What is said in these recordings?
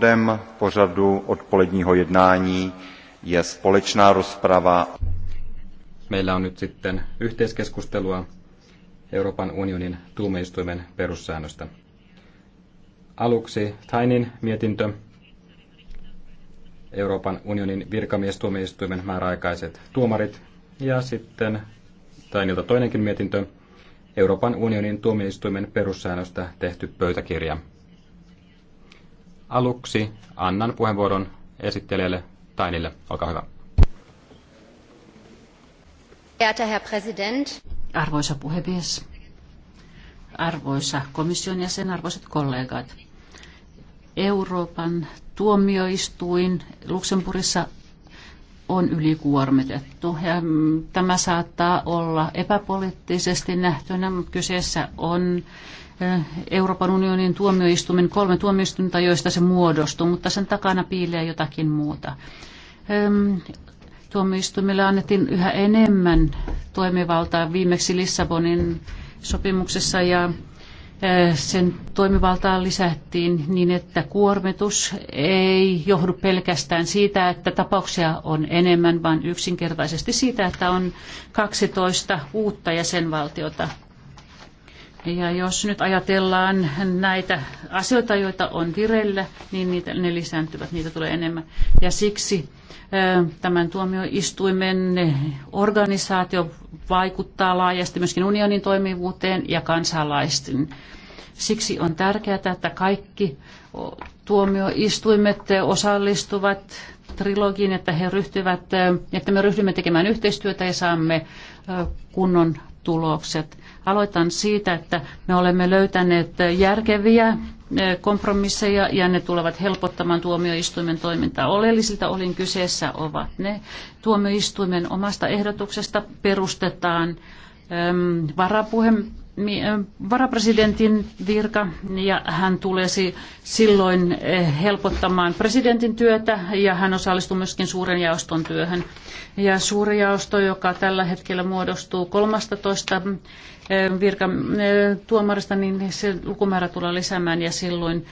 bodem pořadu odpoledního jednání je společná rozprava. Meillä on nyt sitten yhteiskeskustelua Euroopan unionin tuomioistuimen perussäännöstä. Aluksi Tainin mietintö Euroopan unionin virkamiestuomioistuimen määräaikaiset tuomarit ja sitten Tainilta toinenkin mietintö Euroopan unionin tuomioistuimen perussäännöstä tehty pöytäkirja. Aluksi annan puheenvuoron esittelijälle Tainille. Olkaa hyvä. Arvoisa puhemies, arvoisa komission jäsen, arvoisat kollegat. Euroopan tuomioistuin Luxemburgissa on ylikuormitettu. Ja mm, tämä saattaa olla epäpoliittisesti nähtynä. mutta Kyseessä on Eh, Euroopan unionin tuomioistuimen kolme tuomioistuinta, joista se muodostuu, mutta sen takana piilee jotakin muuta. Tuomioistuimille annettiin yhä enemmän toimivaltaa viimeksi Lissabonin sopimuksessa ja eh, sen toimivaltaa lisättiin niin, että kuormitus ei johdu pelkästään siitä, että tapauksia on enemmän, vaan yksinkertaisesti siitä, että on 12 uutta jäsenvaltiota ja jos nyt ajatellaan näitä asioita, joita on vireillä, niin niitä, ne lisääntyvät, niitä tulee enemmän. Ja siksi tämän tuomioistuimen organisaatio vaikuttaa laajasti myöskin unionin toimivuuteen ja kansalaisten. Siksi on tärkeää, että kaikki tuomioistuimet osallistuvat trilogiin, että, he ryhtyvät, että me ryhdymme tekemään yhteistyötä ja saamme kunnon tulokset. Aloitan siitä, että me olemme löytäneet järkeviä eh, kompromisseja ja ne tulevat helpottamaan tuomioistuimen toimintaa. Oleellisilta olin kyseessä ovat ne. Tuomioistuimen omasta ehdotuksesta perustetaan varapuhemies varapuhem, varapresidentin virka ja hän tulisi silloin helpottamaan presidentin työtä ja hän osallistuu myöskin suuren jaoston työhön. Ja suuri jaosto, joka tällä hetkellä muodostuu 13 virka tuomarista, niin se lukumäärä tulee lisäämään ja silloin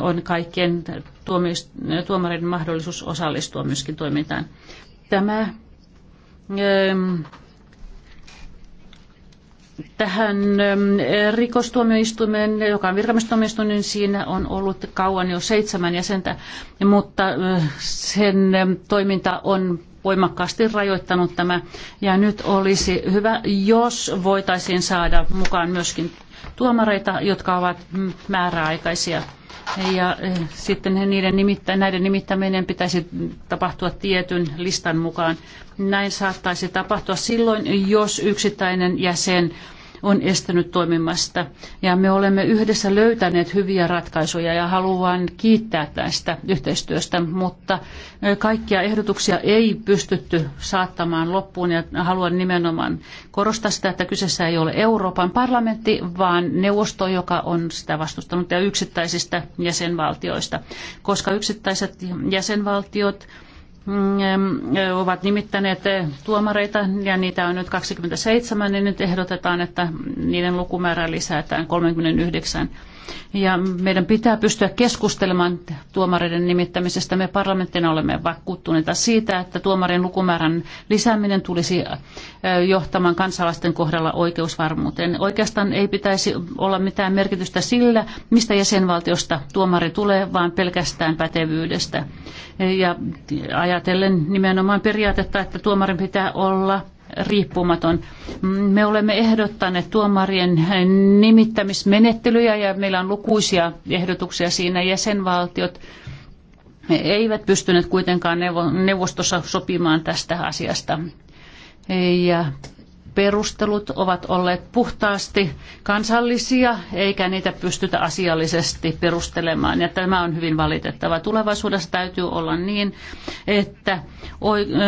on kaikkien tuomareiden mahdollisuus osallistua myöskin toimintaan. Tämä tähän ähm, rikostuomioistuimeen, joka on virkamiestuomioistuin, niin siinä on ollut kauan jo seitsemän jäsentä, mutta äh, sen ähm, toiminta on voimakkaasti rajoittanut tämä. Ja nyt olisi hyvä, jos voitaisiin saada mukaan myöskin tuomareita, jotka ovat määräaikaisia ja eh, sitten niiden nimittä, näiden nimittäminen pitäisi tapahtua tietyn listan mukaan. Näin saattaisi tapahtua silloin, jos yksittäinen jäsen on estänyt toimimasta. Ja me olemme yhdessä löytäneet hyviä ratkaisuja ja haluan kiittää tästä yhteistyöstä, mutta kaikkia ehdotuksia ei pystytty saattamaan loppuun ja haluan nimenomaan korostaa sitä, että kyseessä ei ole Euroopan parlamentti, vaan neuvosto, joka on sitä vastustanut ja yksittäisistä jäsenvaltioista, koska yksittäiset jäsenvaltiot Mm, eh, ovat nimittäneet tuomareita ja niitä on nyt 27, niin nyt ehdotetaan, että niiden lukumäärää lisätään 39 ja meidän pitää pystyä keskustelemaan tuomareiden nimittämisestä. Me parlamenttina olemme vakuuttuneita siitä, että tuomarien lukumäärän lisääminen tulisi johtamaan kansalaisten kohdalla oikeusvarmuuteen. Oikeastaan ei pitäisi olla mitään merkitystä sillä, mistä jäsenvaltiosta tuomari tulee, vaan pelkästään pätevyydestä. Ja ajatellen nimenomaan periaatetta, että tuomarin pitää olla riippumaton. Me olemme ehdottaneet tuomarien nimittämismenettelyjä ja meillä on lukuisia ehdotuksia siinä jäsenvaltiot eivät pystyneet kuitenkaan neuvostossa sopimaan tästä asiasta. Ja perustelut ovat olleet puhtaasti kansallisia, eikä niitä pystytä asiallisesti perustelemaan. Ja tämä on hyvin valitettavaa. Tulevaisuudessa täytyy olla niin, että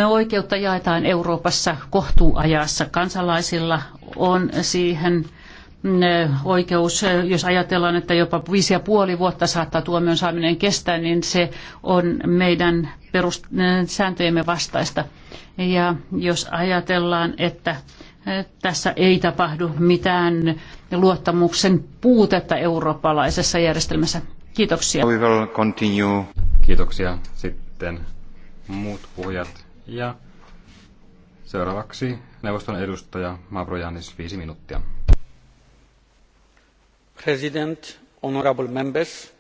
oikeutta jaetaan Euroopassa kohtuuajassa. Kansalaisilla on siihen mm, oikeus, jos ajatellaan, että jopa viisi ja puoli vuotta saattaa tuomion saaminen kestää, niin se on meidän perussääntöjemme vastaista. Ja jos ajatellaan, että tässä ei tapahdu mitään luottamuksen puutetta eurooppalaisessa järjestelmässä. Kiitoksia. Kiitoksia. Sitten muut puhujat. Ja seuraavaksi neuvoston edustaja Mavrojanis, viisi minuuttia. President, honorable members,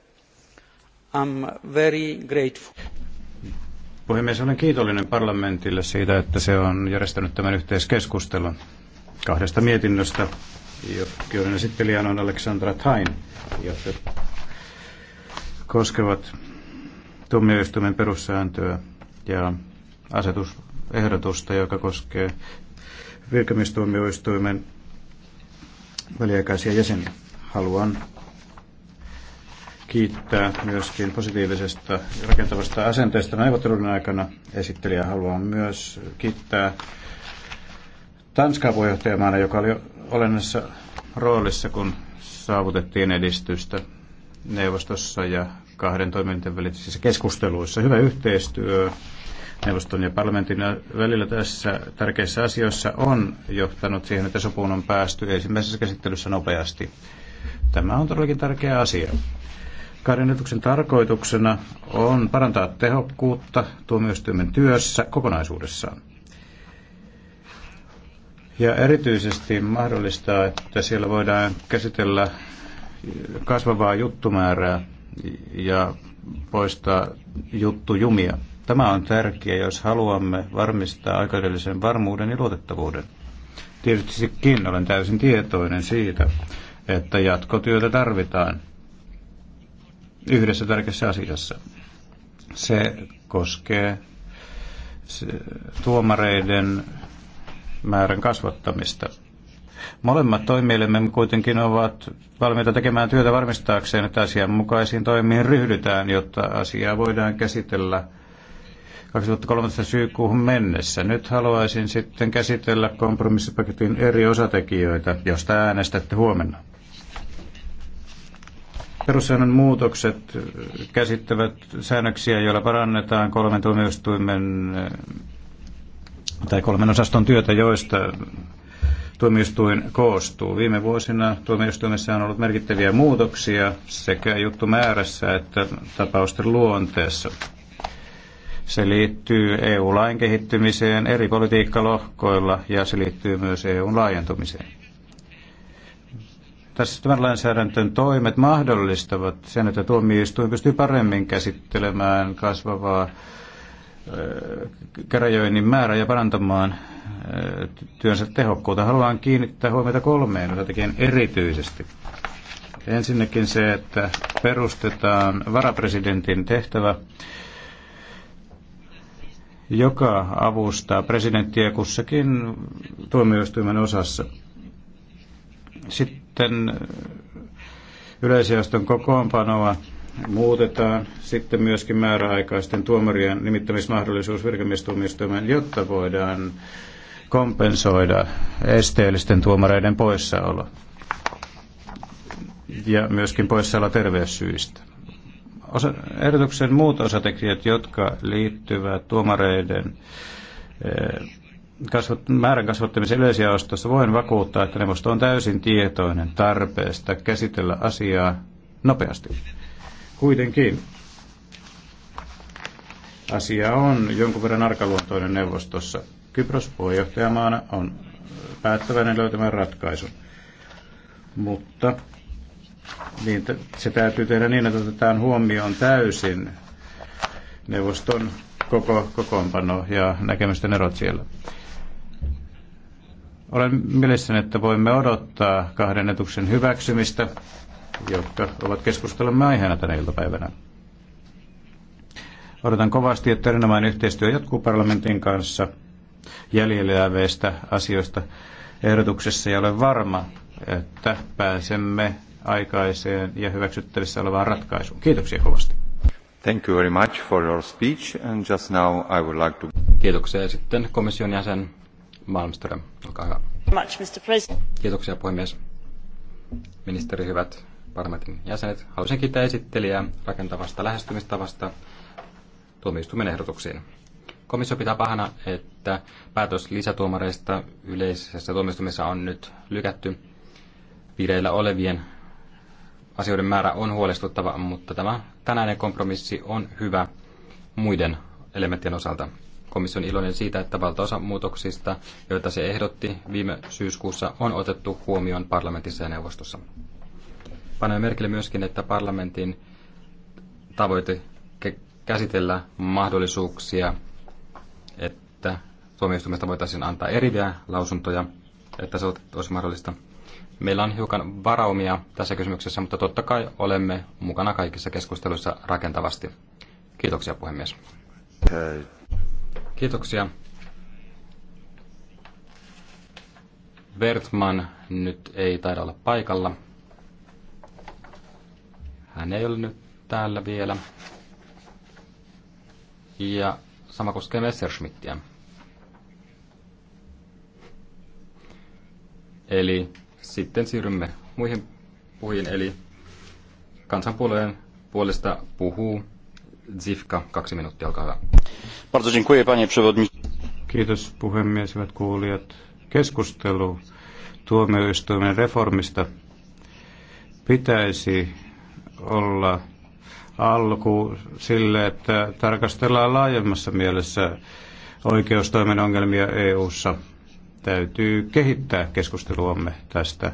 I'm very grateful. Puhemies, olen kiitollinen parlamentille siitä, että se on järjestänyt tämän yhteiskeskustelun kahdesta mietinnöstä, joiden esittelijänä on Alexandra Tain, jotka koskevat tuomioistuimen perussääntöä ja asetusehdotusta, joka koskee virkamiestuomioistuimen väliaikaisia jäseniä. Haluan kiittää myöskin positiivisesta rakentavasta asenteesta neuvottelun aikana. Esittelijä haluan myös kiittää Tanskaa puheenjohtajamaana, joka oli olennaisessa roolissa, kun saavutettiin edistystä neuvostossa ja kahden toimintavälisissä keskusteluissa. Hyvä yhteistyö neuvoston ja parlamentin välillä tässä tärkeissä asioissa on johtanut siihen, että sopuun on päästy ensimmäisessä käsittelyssä nopeasti. Tämä on todellakin tärkeä asia. Kahden tarkoituksena on parantaa tehokkuutta tuomioistuimen työssä kokonaisuudessaan. Ja erityisesti mahdollistaa, että siellä voidaan käsitellä kasvavaa juttumäärää ja poistaa juttujumia. Tämä on tärkeää, jos haluamme varmistaa oikeudellisen varmuuden ja luotettavuuden. Tietystikin olen täysin tietoinen siitä, että jatkotyötä tarvitaan yhdessä tärkeässä asiassa. Se koskee tuomareiden määrän kasvattamista. Molemmat toimielemme kuitenkin ovat valmiita tekemään työtä varmistaakseen, että asianmukaisiin toimiin ryhdytään, jotta asiaa voidaan käsitellä 2013 syykuuhun mennessä. Nyt haluaisin sitten käsitellä kompromissipaketin eri osatekijöitä, josta äänestätte huomenna. Perussäännön muutokset käsittävät säännöksiä, joilla parannetaan kolmen tuomioistuimen tai kolmen osaston työtä, joista tuomioistuin koostuu. Viime vuosina tuomioistuimessa on ollut merkittäviä muutoksia sekä juttumäärässä että tapausten luonteessa. Se liittyy EU-lain kehittymiseen eri politiikkalohkoilla ja se liittyy myös EUn laajentumiseen. Tässä tämän lainsäädäntön toimet mahdollistavat sen, että tuomioistuin pystyy paremmin käsittelemään kasvavaa käräjöinnin määrää ja parantamaan työnsä tehokkuutta. Haluan kiinnittää huomiota kolmeen osatekijän erityisesti. Ensinnäkin se, että perustetaan varapresidentin tehtävä joka avustaa presidenttiä kussakin tuomioistuimen osassa. Sitten yleisjaoston kokoonpanoa muutetaan sitten myöskin määräaikaisten tuomarien nimittämismahdollisuus virkamiestuomioistuimen, jotta voidaan kompensoida esteellisten tuomareiden poissaolo ja myöskin poissaolo terveyssyistä osa, ehdotuksen muut osatekijät, jotka liittyvät tuomareiden eh, kasvat, määrän kasvattamisen yleisjaostossa, voin vakuuttaa, että neuvosto on täysin tietoinen tarpeesta käsitellä asiaa nopeasti. Kuitenkin asia on jonkun verran arkaluontoinen neuvostossa. Kypros puheenjohtajamaana on päättäväinen löytämään ratkaisun. Mutta niin se täytyy tehdä niin, että otetaan huomioon täysin neuvoston koko kokoonpano ja näkemysten erot siellä. Olen mielessäni, että voimme odottaa kahden etuksen hyväksymistä, jotka ovat keskustelemme aiheena tänä iltapäivänä. Odotan kovasti, että erinomainen yhteistyö jatkuu parlamentin kanssa jäljellä jääveistä asioista ehdotuksessa ja olen varma, että pääsemme aikaiseen ja hyväksyttävissä olevaan ratkaisuun. Kiitoksia kovasti. Thank you very much for your speech and just now I would like to... Kiitoksia ja sitten komission jäsen Malmström, olkaa hyvä. Much, Mr. President. Kiitoksia puhemies. Ministeri, hyvät parlamentin jäsenet, haluaisin kiittää esittelijää rakentavasta lähestymistavasta tuomioistuimen ehdotuksiin. Komissio pitää pahana, että päätös lisätuomareista yleisessä tuomioistuimessa on nyt lykätty vireillä olevien asioiden määrä on huolestuttava, mutta tämä tänäinen kompromissi on hyvä muiden elementtien osalta. Komissio on iloinen siitä, että valtaosa muutoksista, joita se ehdotti viime syyskuussa, on otettu huomioon parlamentissa ja neuvostossa. Panee merkille myöskin, että parlamentin tavoite käsitellä mahdollisuuksia, että tuomioistuimesta voitaisiin antaa eriviä lausuntoja, että se olisi mahdollista – Meillä on hiukan varaumia tässä kysymyksessä, mutta totta kai olemme mukana kaikissa keskusteluissa rakentavasti. Kiitoksia puhemies. Kiitoksia. Bertman nyt ei taida olla paikalla. Hän ei ole nyt täällä vielä. Ja sama koskee Messerschmittiä. Eli sitten siirrymme muihin puhujiin, eli kansanpuolueen puolesta puhuu Zifka, kaksi minuuttia, olkaa hyvä. Bardzo dziękuję, panie przewodniczący. Kiitos puhemies, hyvät kuulijat. Keskustelu tuomioistuimen reformista pitäisi olla alku sille, että tarkastellaan laajemmassa mielessä oikeustoimen ongelmia EU:ssa täytyy kehittää keskusteluamme tästä,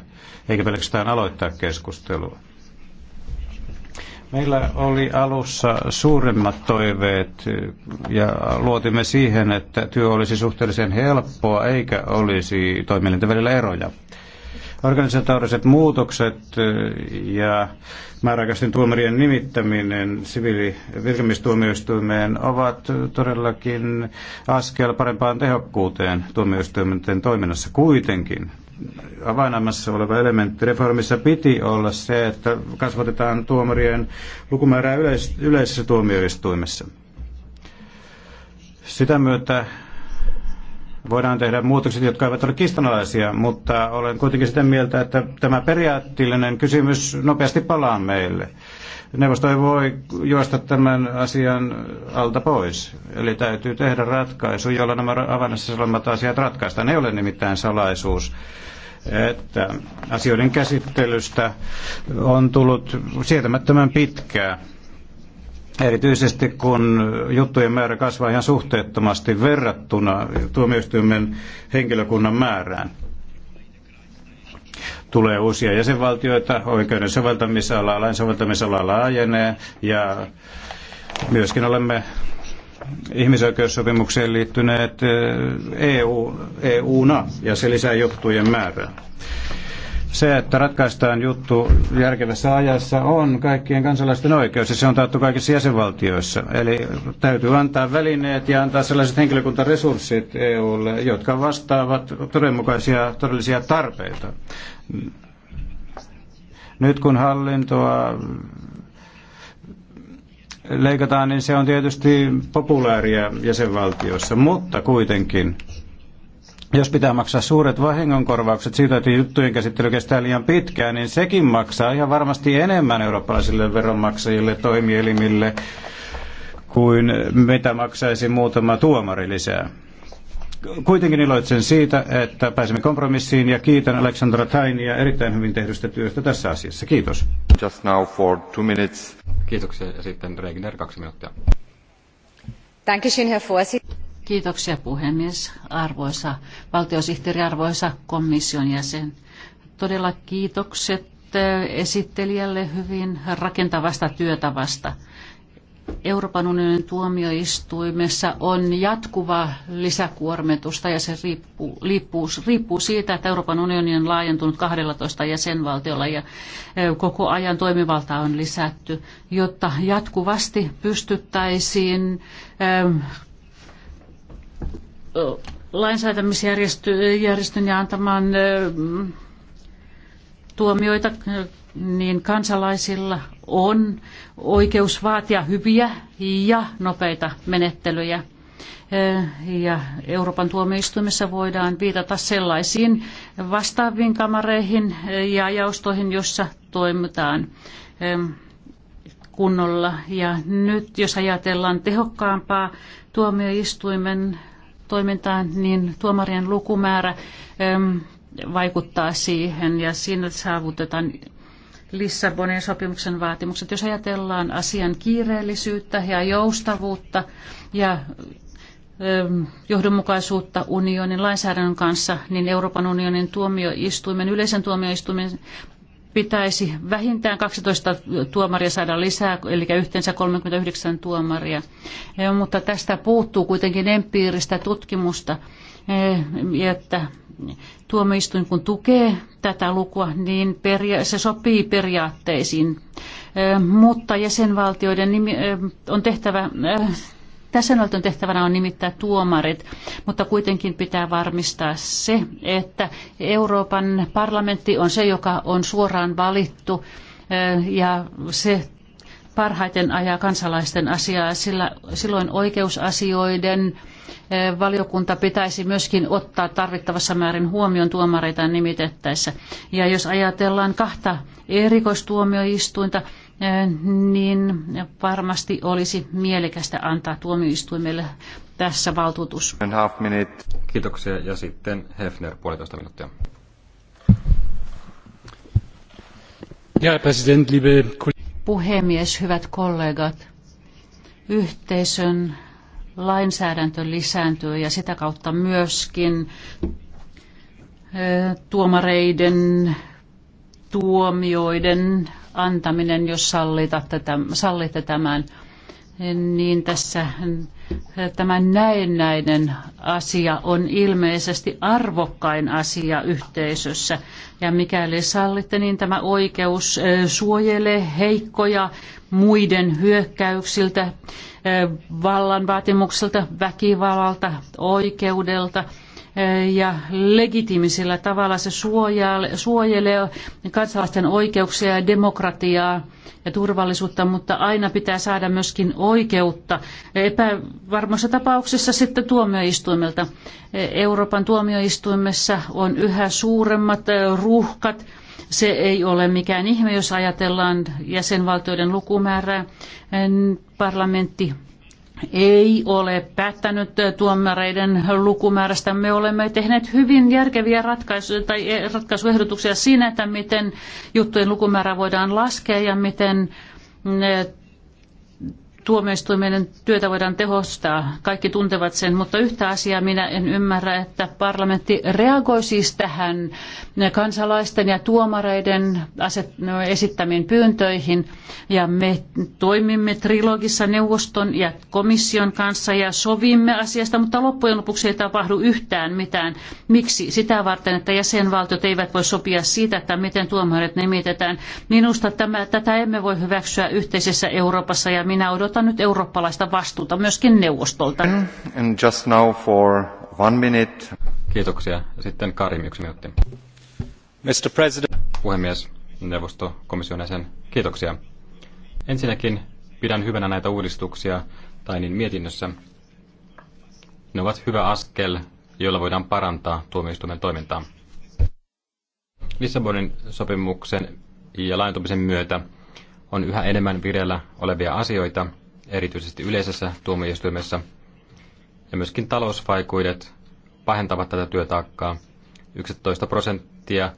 eikä pelkästään aloittaa keskustelua. Meillä oli alussa suuremmat toiveet eh, ja luotimme siihen, että työ olisi suhteellisen helppoa eikä olisi toimielinten välillä eroja. Organisatoriset muutokset ja määräaikaisten tuomarien nimittäminen siviilivirkamistuomioistuimeen ovat todellakin askel parempaan tehokkuuteen tuomioistuimen toiminnassa kuitenkin avainamassa oleva elementti reformissa piti olla se, että kasvatetaan tuomarien lukumäärää yleis- yleisessä tuomioistuimessa. Sitä myötä voidaan tehdä muutokset, jotka eivät ole kistanalaisia, mutta olen kuitenkin sitä mieltä, että tämä periaatteellinen kysymys nopeasti palaa meille. Neuvosto ei voi juosta tämän asian alta pois. Eli täytyy tehdä ratkaisu, jolla nämä avannassa olevat asiat ratkaistaan. Ei ole nimittäin salaisuus että asioiden käsittelystä on tullut sietämättömän pitkää. Erityisesti kun juttujen määrä kasvaa ihan suhteettomasti verrattuna tuomioistuimen henkilökunnan määrään. Tulee uusia jäsenvaltioita, oikeuden soveltamisala, lain soveltamisala laajenee ja myöskin olemme ihmisoikeussopimukseen liittyneet eh, EU, na ja se lisää juttujen määrää se, että ratkaistaan juttu järkevässä ajassa, on kaikkien kansalaisten oikeus ja se on taattu kaikissa jäsenvaltioissa. Eli täytyy antaa välineet ja antaa sellaiset henkilökuntaresurssit EUlle, jotka vastaavat todenmukaisia todellisia tarpeita. Nyt kun hallintoa leikataan, niin se on tietysti populaaria jäsenvaltioissa, mutta kuitenkin jos pitää maksaa suuret vahingonkorvaukset siitä, että juttujen käsittely kestää liian pitkään, niin sekin maksaa ihan varmasti enemmän eurooppalaisille veronmaksajille, toimielimille, kuin mitä maksaisi muutama tuomari lisää. Kuitenkin iloitsen siitä, että pääsimme kompromissiin ja kiitän Aleksandra Tainia erittäin hyvin tehdystä työstä tässä asiassa. Kiitos. Just now for two minutes. Kiitoksia ja sitten Regner kaksi minuuttia. Dankeschön, Herr Kiitoksia puhemies, arvoisa valtiosihteeri, arvoisa komission jäsen. Todella kiitokset äh, esittelijälle hyvin rakentavasta työtavasta. Euroopan unionin tuomioistuimessa on jatkuva lisäkuormitusta ja se riippuu, riippuu, riippuu siitä, että Euroopan unioni on laajentunut 12 jäsenvaltiolla ja äh, koko ajan toimivalta on lisätty, jotta jatkuvasti pystyttäisiin äh, lainsäätämisjärjestön ja antamaan tuomioita, niin kansalaisilla on oikeus vaatia hyviä ja nopeita menettelyjä. Ja Euroopan tuomioistuimessa voidaan viitata sellaisiin vastaaviin kamareihin ja jaostoihin, joissa toimitaan kunnolla. Ja nyt jos ajatellaan tehokkaampaa tuomioistuimen toimintaan, niin tuomarien lukumäärä ähm, vaikuttaa siihen ja siinä saavutetaan Lissabonin sopimuksen vaatimukset. Jos ajatellaan asian kiireellisyyttä ja joustavuutta ja ähm, johdonmukaisuutta unionin lainsäädännön kanssa, niin Euroopan unionin tuomioistuimen, yleisen tuomioistuimen pitäisi vähintään 12 tuomaria saada lisää, eli yhteensä 39 tuomaria. Mutta tästä puuttuu kuitenkin empiiristä tutkimusta, eh, että tuomioistuin kun tukee tätä lukua, niin se sopii periaatteisiin. Eh, mutta jäsenvaltioiden eh, on tehtävä tässä on tehtävänä on nimittää tuomarit, mutta kuitenkin pitää varmistaa se, että Euroopan parlamentti on se, joka on suoraan valittu eh, ja se parhaiten ajaa kansalaisten asiaa, sillä silloin oikeusasioiden eh, valiokunta pitäisi myöskin ottaa tarvittavassa määrin huomioon tuomareita nimitettäessä. Ja jos ajatellaan kahta erikoistuomioistuinta, niin varmasti olisi mielekästä antaa tuomioistuimelle tässä valtuutus. Kiitoksia ja sitten Hefner puolitoista minuuttia. Ja, president, liebe... Puhemies, hyvät kollegat, yhteisön lainsäädäntö lisääntyy ja sitä kautta myöskin tuomareiden, tuomioiden antaminen, jos sallitte tämän, niin tässä tämä näennäinen asia on ilmeisesti arvokkain asia yhteisössä. Ja mikäli sallitte, niin tämä oikeus suojelee heikkoja muiden hyökkäyksiltä, vallan vaatimukselta, väkivallalta, oikeudelta – Eh, ja legitiimisellä tavalla se suojelee kansalaisten oikeuksia ja demokratiaa ja turvallisuutta, mutta aina pitää saada myöskin oikeutta epävarmoissa tapauksissa sitten tuomioistuimelta. Eh, Euroopan tuomioistuimessa on yhä suuremmat eh, ruuhkat se ei ole mikään ihme, jos ajatellaan jäsenvaltioiden lukumäärää. Parlamentti ei ole päättänyt tuomareiden lukumäärästä. Me olemme tehneet hyvin järkeviä ratkaisu- tai eh, ratkaisuehdotuksia siinä, että miten juttujen lukumäärä voidaan laskea ja miten eh, tuomioistuimien työtä voidaan tehostaa. Kaikki tuntevat sen, mutta yhtä asiaa minä en ymmärrä, että parlamentti reagoi siis tähän kansalaisten ja tuomareiden esittämiin pyyntöihin. Ja me toimimme trilogissa neuvoston ja komission kanssa ja sovimme asiasta, mutta loppujen lopuksi ei tapahdu yhtään mitään. Miksi? Sitä varten, että jäsenvaltiot eivät voi sopia siitä, että miten tuomarit nimitetään. Minusta tämä, tätä emme voi hyväksyä yhteisessä Euroopassa ja minä odotan odotan nyt eurooppalaista vastuuta myöskin neuvostolta. And just now for one minute. Kiitoksia. Sitten Karim, yksi minuutti. Mr. President. Puhemies, neuvosto, komission jäsen, kiitoksia. Ensinnäkin pidän hyvänä näitä uudistuksia tai niin mietinnössä. Ne ovat hyvä askel, jolla voidaan parantaa tuomioistuimen toimintaa. Lissabonin sopimuksen ja laajentumisen myötä on yhä enemmän vireillä olevia asioita, erityisesti yleisessä tuomioistuimessa. Ja myöskin talousvaikuudet pahentavat tätä työtaakkaa. 11 prosenttia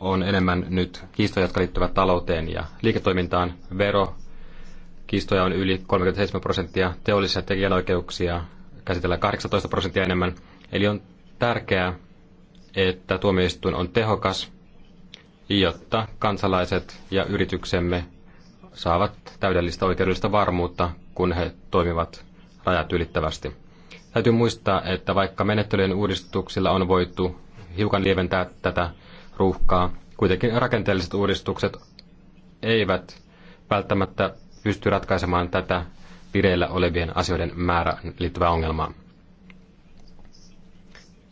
on enemmän nyt kiistoja, jotka liittyvät talouteen ja liiketoimintaan. Vero, kiistoja on yli 37 prosenttia, teollisia tekijänoikeuksia käsitellään 18 prosenttia enemmän. Eli on tärkeää, että tuomioistuin on tehokas, jotta kansalaiset ja yrityksemme saavat täydellistä oikeudellista varmuutta, kun he toimivat rajat ylittävästi. Täytyy muistaa, että vaikka menettelyjen uudistuksilla on voitu hiukan lieventää tätä ruuhkaa, kuitenkin rakenteelliset uudistukset eivät välttämättä pysty ratkaisemaan tätä vireillä olevien asioiden määrä liittyvää ongelmaa.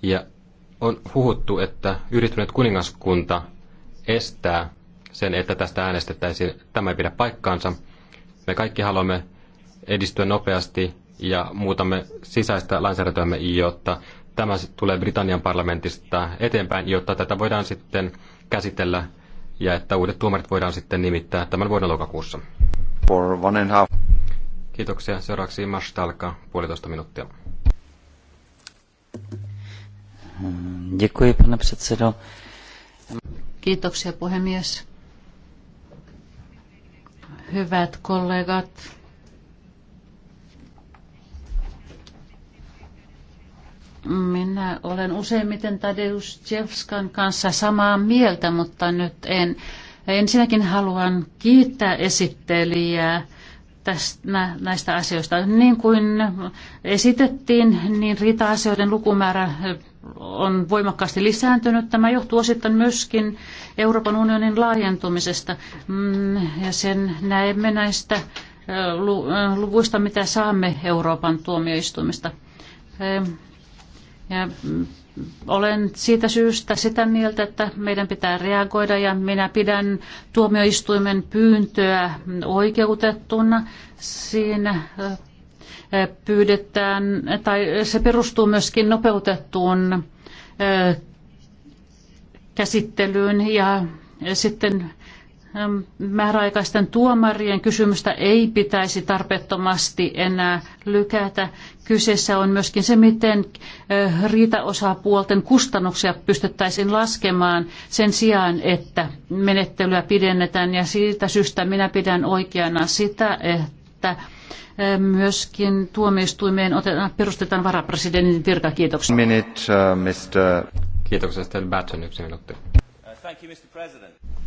Ja on huhuttu, että yhdistynyt kuningaskunta estää sen, että tästä äänestettäisiin. Tämä ei pidä paikkaansa. Me kaikki haluamme edistyä nopeasti ja muutamme sisäistä lainsäädäntöämme, jotta tämä tulee Britannian parlamentista eteenpäin, jotta tätä voidaan sitten käsitellä ja että uudet tuomarit voidaan sitten nimittää tämän vuoden lokakuussa. For one and half. Kiitoksia. Seuraavaksi Mashtalka, puolitoista minuuttia. Kiitoksia, puhemies. Hyvät kollegat, minä olen useimmiten Tadeusz Jevskan kanssa samaa mieltä, mutta nyt en. Ensinnäkin haluan kiittää esittelijää tästä, näistä asioista. Niin kuin esitettiin, niin riita-asioiden lukumäärä on voimakkaasti lisääntynyt. Tämä johtuu osittain myöskin Euroopan unionin laajentumisesta mm, ja sen näemme näistä luvuista, mitä saamme Euroopan tuomioistuimista. Ja mm, olen siitä syystä sitä mieltä, että meidän pitää reagoida ja minä pidän tuomioistuimen pyyntöä oikeutettuna. Siinä pyydetään, tai se perustuu myöskin nopeutettuun käsittelyyn ja sitten määräaikaisten tuomarien kysymystä ei pitäisi tarpeettomasti enää lykätä. Kyseessä on myöskin se, miten riitaosapuolten kustannuksia pystyttäisiin laskemaan sen sijaan, että menettelyä pidennetään. Ja siitä syystä minä pidän oikeana sitä, että Myöskin tuomioistuimeen otetaan, perustetaan varapresidentin virka. Kiitoksia. Minute, uh, Mr. Kiitoksia, Stel yksi minuutti. Uh,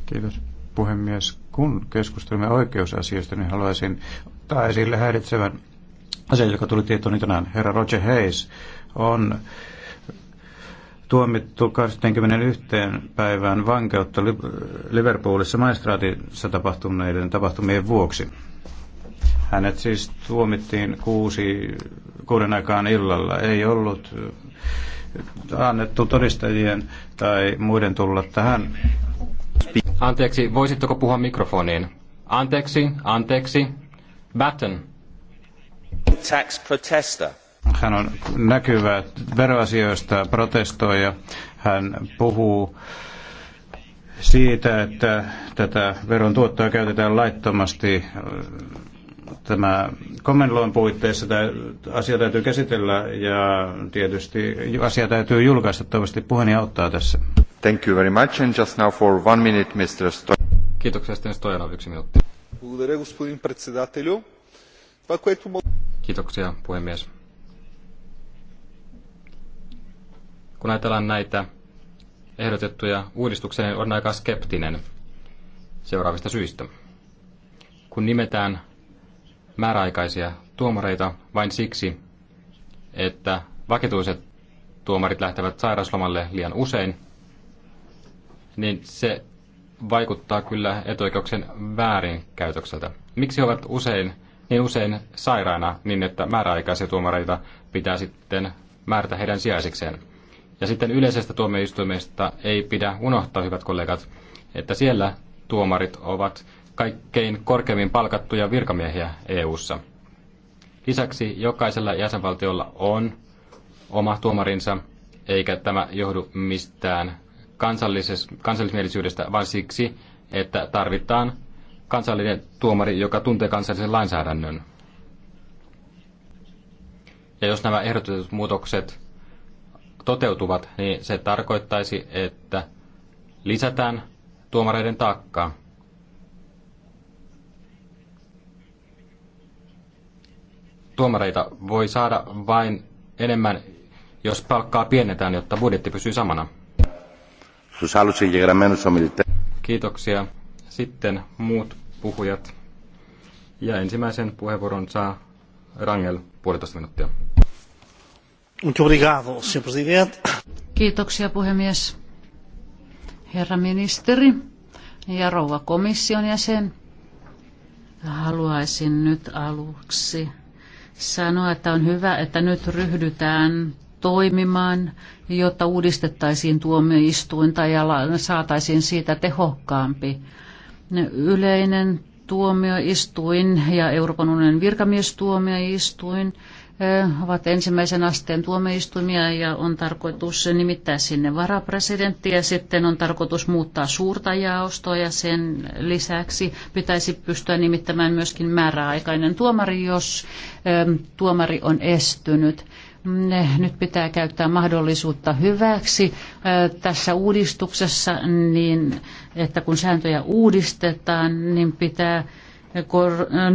Kiitos puhemies. Kun keskustelemme oikeusasioista, niin haluaisin ottaa esille häiritsevän asian, joka tuli tietooni tänään. Herra Roger Hayes on tuomittu 21 päivään vankeutta Liverpoolissa maistraatissa tapahtuneiden tapahtumien vuoksi. Hänet siis tuomittiin kuusi, kuuden aikaan illalla. Ei ollut äh, annettu todistajien tai muiden tulla tähän. Anteeksi, voisitteko puhua mikrofoniin? Anteeksi, anteeksi. Batten. Tax protester. Hän on näkyvä veroasioista protestoija. Hän puhuu siitä, että tätä veron tuottoa käytetään laittomasti äh, tämä Common puitteissa asia täytyy käsitellä ja tietysti asia täytyy julkaista. Toivottavasti puheeni auttaa tässä. Thank you very much and just now for one minute, Mr. Sto- Kiitoksia sitten Stojanov, yksi minuutti. Kiitoksia puhemies. Kun ajatellaan näitä ehdotettuja uudistuksia, niin on aika skeptinen seuraavista syistä. Kun nimetään määräaikaisia tuomareita vain siksi, että vakituiset tuomarit lähtevät sairauslomalle liian usein, niin se vaikuttaa kyllä etuoikeuksien väärinkäytökseltä. Miksi he ovat usein, niin usein sairaana niin, että määräaikaisia tuomareita pitää sitten määrätä heidän sijaisikseen? Ja sitten yleisestä tuomioistuimesta ei pidä unohtaa, hyvät kollegat, että siellä tuomarit ovat kaikkein korkeimmin palkattuja virkamiehiä EU:ssa. Lisäksi jokaisella jäsenvaltiolla on oma tuomarinsa, eikä tämä johdu mistään kansallismielisyydestä, vaan siksi, että tarvitaan kansallinen tuomari, joka tuntee kansallisen lainsäädännön. Ja jos nämä ehdotetut muutokset toteutuvat, niin se tarkoittaisi, että lisätään tuomareiden taakkaa. tuomareita voi saada vain enemmän, jos palkkaa pienetään, jotta budjetti pysyy samana. Kiitoksia. Sitten muut puhujat. Ja ensimmäisen puheenvuoron saa Rangel puolitoista minuuttia. Kiitoksia puhemies. Herra ministeri ja rouva komission jäsen, haluaisin nyt aluksi sanoa, että on hyvä, että nyt ryhdytään toimimaan, jotta uudistettaisiin tuomioistuinta ja saataisiin siitä tehokkaampi. Yleinen tuomioistuin ja Euroopan unionin virkamiestuomioistuin – ovat ensimmäisen asteen tuomioistuimia ja on tarkoitus nimittää sinne varapresidentti ja sitten on tarkoitus muuttaa suurta jaostoa ja sen lisäksi pitäisi pystyä nimittämään myöskin määräaikainen tuomari, jos tuomari on estynyt. Nyt pitää käyttää mahdollisuutta hyväksi tässä uudistuksessa, niin että kun sääntöjä uudistetaan, niin pitää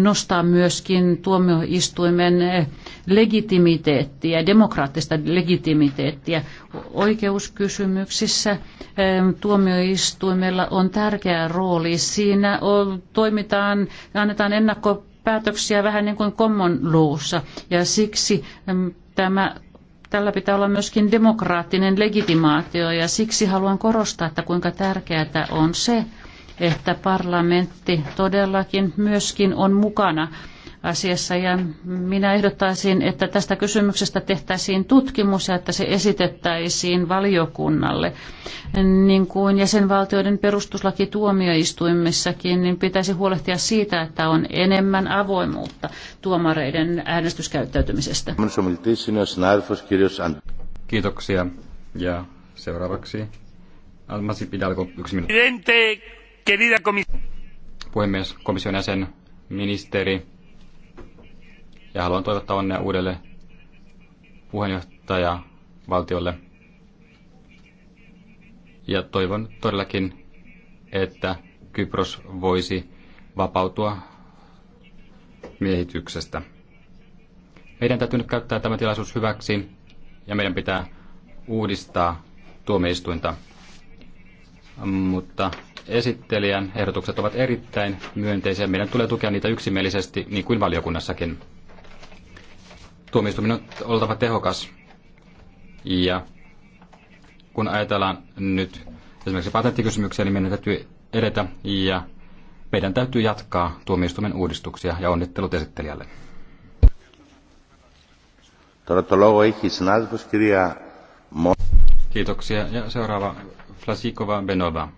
nostaa myöskin tuomioistuimen legitimiteettiä, demokraattista legitimiteettiä oikeuskysymyksissä. Tuomioistuimella on tärkeä rooli. Siinä toimitaan, annetaan ennakkopäätöksiä vähän niin kuin common lawssa, ja siksi tämä tällä pitää olla myöskin demokraattinen legitimaatio ja siksi haluan korostaa, että kuinka tärkeää on se, että parlamentti todellakin myöskin on mukana asiassa ja minä ehdottaisin, että tästä kysymyksestä tehtäisiin tutkimus ja että se esitettäisiin valiokunnalle. Niin kuin jäsenvaltioiden perustuslakituomioistuimissakin, niin pitäisi huolehtia siitä, että on enemmän avoimuutta tuomareiden äänestyskäyttäytymisestä. Kiitoksia. Ja seuraavaksi Almasi Pidalko, yksi minuutti. Puhemies, komission jäsen, ministeri, ja haluan toivottaa onnea uudelle puheenjohtajavaltiolle. Ja toivon todellakin, että Kypros voisi vapautua miehityksestä. Meidän täytyy nyt käyttää tämä tilaisuus hyväksi ja meidän pitää uudistaa tuomioistuinta. Mutta esittelijän ehdotukset ovat erittäin myönteisiä. Meidän tulee tukea niitä yksimielisesti, niin kuin valiokunnassakin tuomioistuimen on oltava tehokas. Ja kun ajatellaan nyt esimerkiksi patenttikysymyksiä, niin meidän täytyy edetä ja meidän täytyy jatkaa tuomioistuimen uudistuksia ja onnittelut esittelijälle. Kiitoksia. Ja seuraava Flasikova Benova.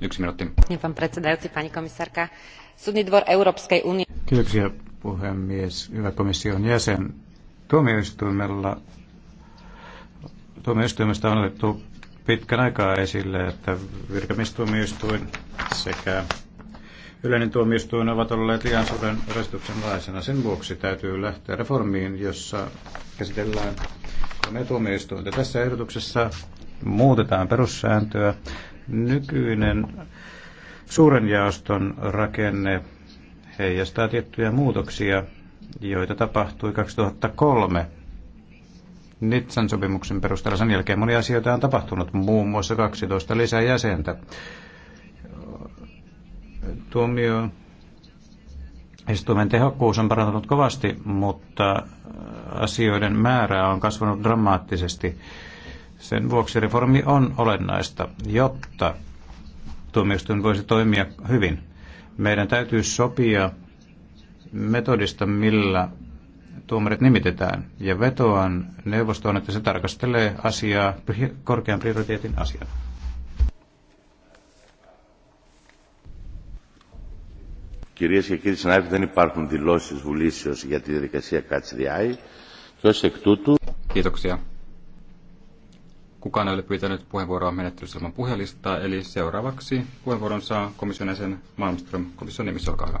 Yksi minuutti. Niin, Kiitoksia puhemies, hyvä komission jäsen. Tuomioistuimella, tuomioistuimesta on otettu pitkän aikaa esille, että virkamistuomioistuin sekä yleinen tuomioistuin ovat olleet liian suuren rasituksen laisena. Sen vuoksi täytyy lähteä reformiin, jossa käsitellään kolme tuomioistuinta. Tässä ehdotuksessa muutetaan perussääntöä. Nykyinen suuren jaoston rakenne heijastaa tiettyjä muutoksia, joita tapahtui 2003 Nitsan sopimuksen perusteella. Sen jälkeen monia asioita on tapahtunut, muun muassa 12 lisää jäsentä. Tuomio Istuimen tehokkuus on parantunut kovasti, mutta äh, asioiden määrä on kasvanut dramaattisesti. Sen vuoksi reformi on olennaista, jotta tuomioistuin voisi toimia hyvin. Meidän täytyy sopia metodista, millä tuomarit nimitetään. Ja vetoan neuvostoon, että se tarkastelee asiaa korkean prioriteetin asian. Κυρίες και κύριοι συνάδελφοι, δεν υπάρχουν δηλώσεις βουλήσεως για τη διαδικασία Κατσριάη και ως εκ τούτου... Kiitoksia. Kukaan ei ole pyytänyt puheenvuoroa menettelyssä ilman puhelistaa, eli seuraavaksi puheenvuoron saa komission jäsen Malmström. Komission nimissä, olkaa hyvä.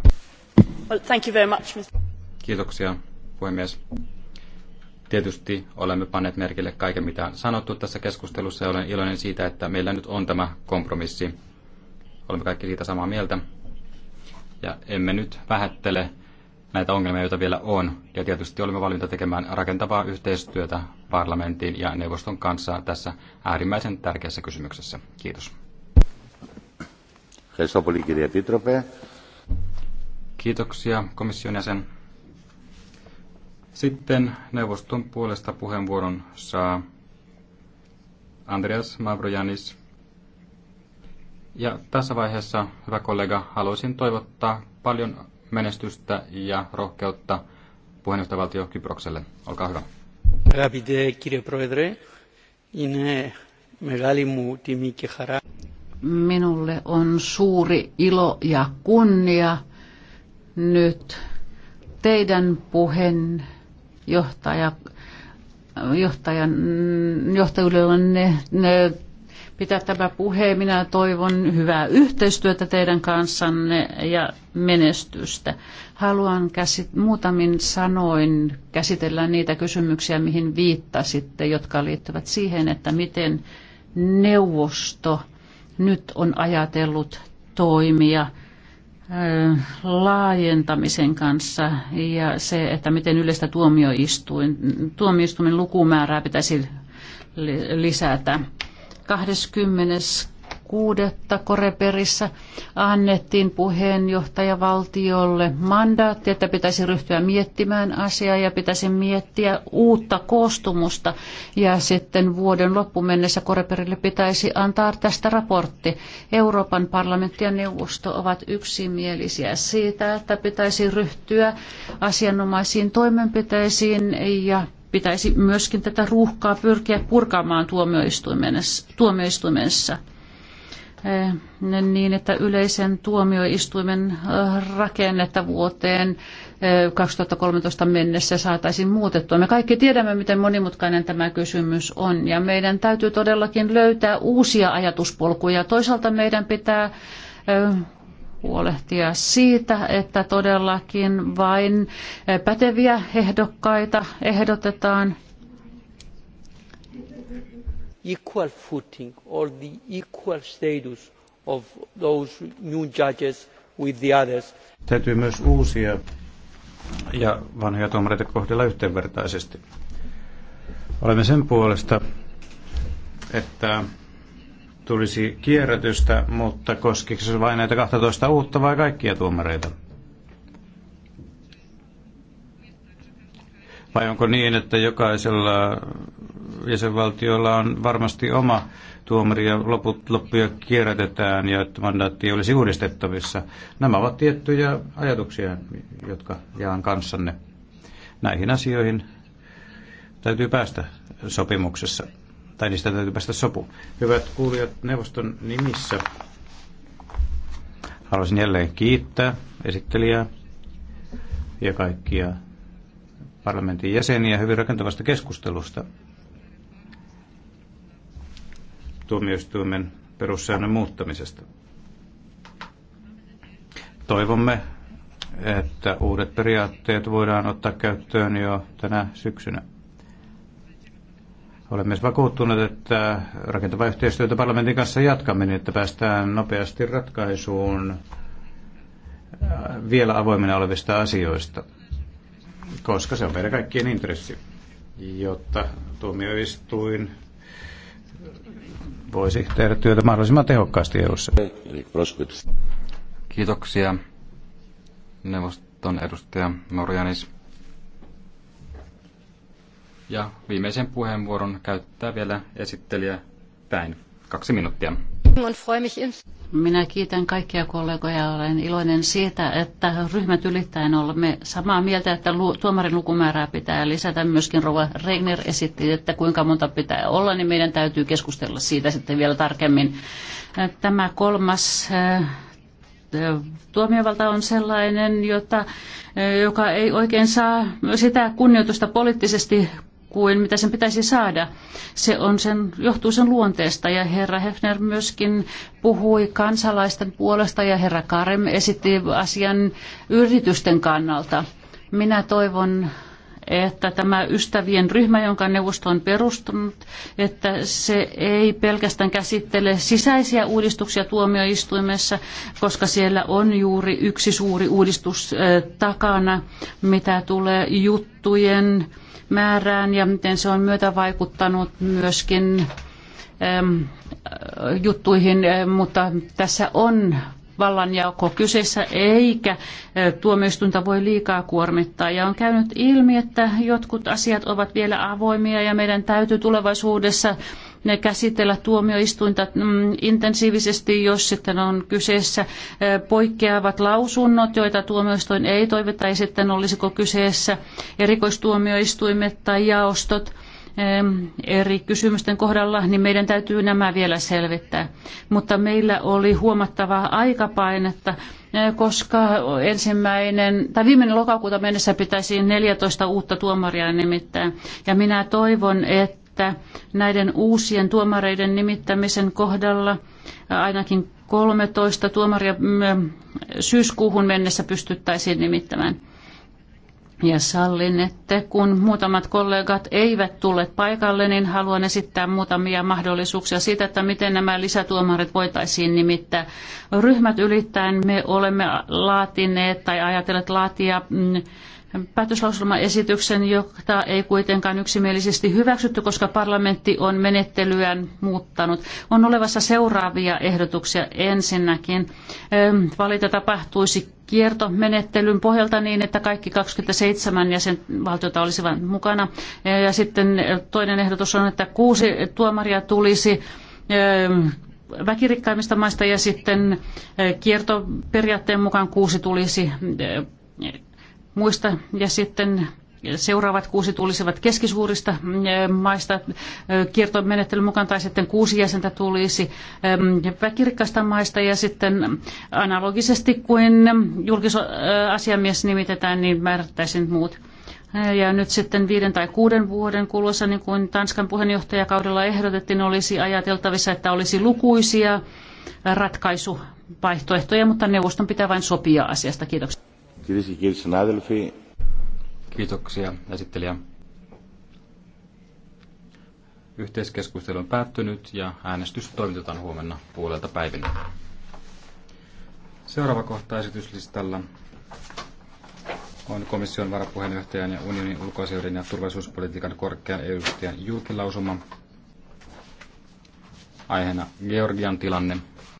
Well, thank you very much, Mr. Kiitoksia, puhemies. Tietysti olemme panneet merkille kaiken, mitä on sanottu tässä keskustelussa, ja olen iloinen siitä, että meillä nyt on tämä kompromissi. Olemme kaikki siitä samaa mieltä. Ja emme nyt vähättele näitä ongelmia, joita vielä on. Ja tietysti olemme valmiita tekemään rakentavaa yhteistyötä parlamentin ja neuvoston kanssa tässä äärimmäisen tärkeässä kysymyksessä. Kiitos. Kiitoksia komission jäsen. Sitten neuvoston puolesta puheenvuoron saa Andreas Mavrojanis. Ja tässä vaiheessa, hyvä kollega, haluaisin toivottaa paljon menestystä ja rohkeutta puheenjohtajavaltio Kyprokselle. Olkaa hyvä. Rapide, kirje proedre. ine megali μου τιμή Minulle on suuri ilo ja kunnia nyt teidän johtaja, johtajan, johtajuudella ne, ne pitää tämä puhe. Minä toivon hyvää yhteistyötä teidän kanssanne ja menestystä. Haluan käsit- muutamin sanoin käsitellä niitä kysymyksiä, mihin viittasitte, jotka liittyvät siihen, että miten neuvosto nyt on ajatellut toimia laajentamisen kanssa ja se, että miten yleistä tuomioistuin, tuomioistuimen lukumäärää pitäisi lisätä kuudetta Koreperissä annettiin puheenjohtajavaltiolle mandaatti, että pitäisi ryhtyä miettimään asiaa ja pitäisi miettiä uutta koostumusta. Ja sitten vuoden loppuun mennessä Koreperille pitäisi antaa tästä raportti. Euroopan parlamentti ja neuvosto ovat yksimielisiä siitä, että pitäisi ryhtyä asianomaisiin toimenpiteisiin ja pitäisi myöskin tätä ruuhkaa pyrkiä purkamaan tuomioistuimessa eh, niin, että yleisen tuomioistuimen eh, rakennetta vuoteen 2013 eh, mennessä saataisiin muutettua. Me kaikki tiedämme, miten monimutkainen tämä kysymys on, ja meidän täytyy todellakin löytää uusia ajatuspolkuja. Toisaalta meidän pitää huolehtia siitä, että todellakin vain päteviä ehdokkaita ehdotetaan. Equal footing or the equal status of those new judges with the others. Täytyy myös uusia ja vanhoja tuomareita kohdella yhdenvertaisesti. Olemme sen puolesta, että tulisi kierrätystä, mutta koskiko se vain näitä 12 uutta vai kaikkia tuomareita? Vai onko niin, että jokaisella jäsenvaltiolla on varmasti oma tuomari ja loput loppuja kierrätetään ja että mandaatti olisi uudistettavissa? Nämä ovat tiettyjä ajatuksia, jotka jaan kanssanne. Näihin asioihin täytyy päästä sopimuksessa tai niistä täytyy päästä sopu. Hyvät kuulijat neuvoston nimissä, haluaisin jälleen kiittää esittelijää ja kaikkia parlamentin jäseniä hyvin rakentavasta keskustelusta tuomioistuimen perussäännön muuttamisesta. Toivomme, että uudet periaatteet voidaan ottaa käyttöön jo tänä syksynä. Olen myös vakuuttunut, että rakentava yhteistyötä parlamentin kanssa jatkamme, niin että päästään nopeasti ratkaisuun vielä avoimena olevista asioista, koska se on meidän kaikkien intressi, jotta tuomioistuin voisi tehdä työtä mahdollisimman tehokkaasti EU:ssa. Kiitoksia neuvoston edustaja Norjanis. Ja viimeisen puheenvuoron käyttää vielä esittelijä Päin. Kaksi minuuttia. Minä kiitän kaikkia kollegoja. Olen iloinen siitä, että ryhmät ylittäen olemme samaa mieltä, että tuomarin lukumäärää pitää lisätä. Myöskin Rova Regner esitti, että kuinka monta pitää olla, niin meidän täytyy keskustella siitä sitten vielä tarkemmin. Äh, tämä kolmas äh, äh, tuomiovalta on sellainen, jota, joka ei oikein saa sitä kunnioitusta poliittisesti kuin mitä sen pitäisi saada. Se on sen, johtuu sen luonteesta ja herra Hefner myöskin puhui kansalaisten puolesta ja herra Karem esitti asian yritysten kannalta. Minä toivon että tämä ystävien ryhmä, jonka neuvosto on perustunut, että se ei pelkästään käsittele sisäisiä uudistuksia tuomioistuimessa, koska siellä on juuri yksi suuri uudistus takana, mitä tulee juttujen määrään ja miten se on myötävaikuttanut myöskin juttuihin, mutta tässä on vallanjako kyseessä, eikä tuomioistuinta voi liikaa kuormittaa. Ja on käynyt ilmi, että jotkut asiat ovat vielä avoimia ja meidän täytyy tulevaisuudessa ne käsitellä tuomioistuinta mm, intensiivisesti, jos sitten on kyseessä poikkeavat lausunnot, joita tuomioistuin ei toive, tai sitten olisiko kyseessä erikoistuomioistuimet tai jaostot – eri kysymysten kohdalla, niin meidän täytyy nämä vielä selvittää. Mutta meillä oli huomattavaa aikapainetta, eh, koska ensimmäinen tai viimeinen lokakuuta mennessä pitäisi 14 uutta tuomaria nimittää. Ja minä toivon, että näiden uusien tuomareiden nimittämisen kohdalla ainakin 13 tuomaria mm, syyskuuhun mennessä pystyttäisiin nimittämään ja sallin, että kun muutamat kollegat eivät tule paikalle, niin haluan esittää muutamia mahdollisuuksia siitä, että miten nämä lisätuomarit voitaisiin nimittää. Ryhmät ylittäen me olemme laatineet tai ajatelleet laatia mm, Päätöslauselmaesityksen, jota ei kuitenkaan yksimielisesti hyväksytty, koska parlamentti on menettelyään muuttanut. On olevassa seuraavia ehdotuksia. Ensinnäkin ähm, valinta tapahtuisi kiertomenettelyn pohjalta niin, että kaikki 27 jäsenvaltiota olisivat mukana. Äh, ja sitten toinen ehdotus on, että kuusi tuomaria tulisi ähm, väkirikkaimmista maista ja sitten äh, kiertoperiaatteen mukaan kuusi tulisi äh, muista ja sitten seuraavat kuusi tulisivat keskisuurista maista kiertomenettelyn mukaan tai sitten kuusi jäsentä tulisi väkirikkaista maista ja sitten analogisesti kuin julkisasiamies nimitetään, niin määrättäisiin muut. Ja nyt sitten viiden tai kuuden vuoden kuluessa, niin kuin Tanskan puheenjohtajakaudella ehdotettiin, olisi ajateltavissa, että olisi lukuisia ratkaisuvaihtoehtoja, mutta neuvoston pitää vain sopia asiasta. Kiitoksia. Kiitoksia esittelijä. Yhteiskeskustelu on päättynyt ja äänestys toimitetaan huomenna puolelta päivinä. Seuraava kohta esityslistalla on komission varapuheenjohtajan ja unionin ulkoasioiden ja turvallisuuspolitiikan korkean edustajan julkilausuma. Aiheena Georgian tilanne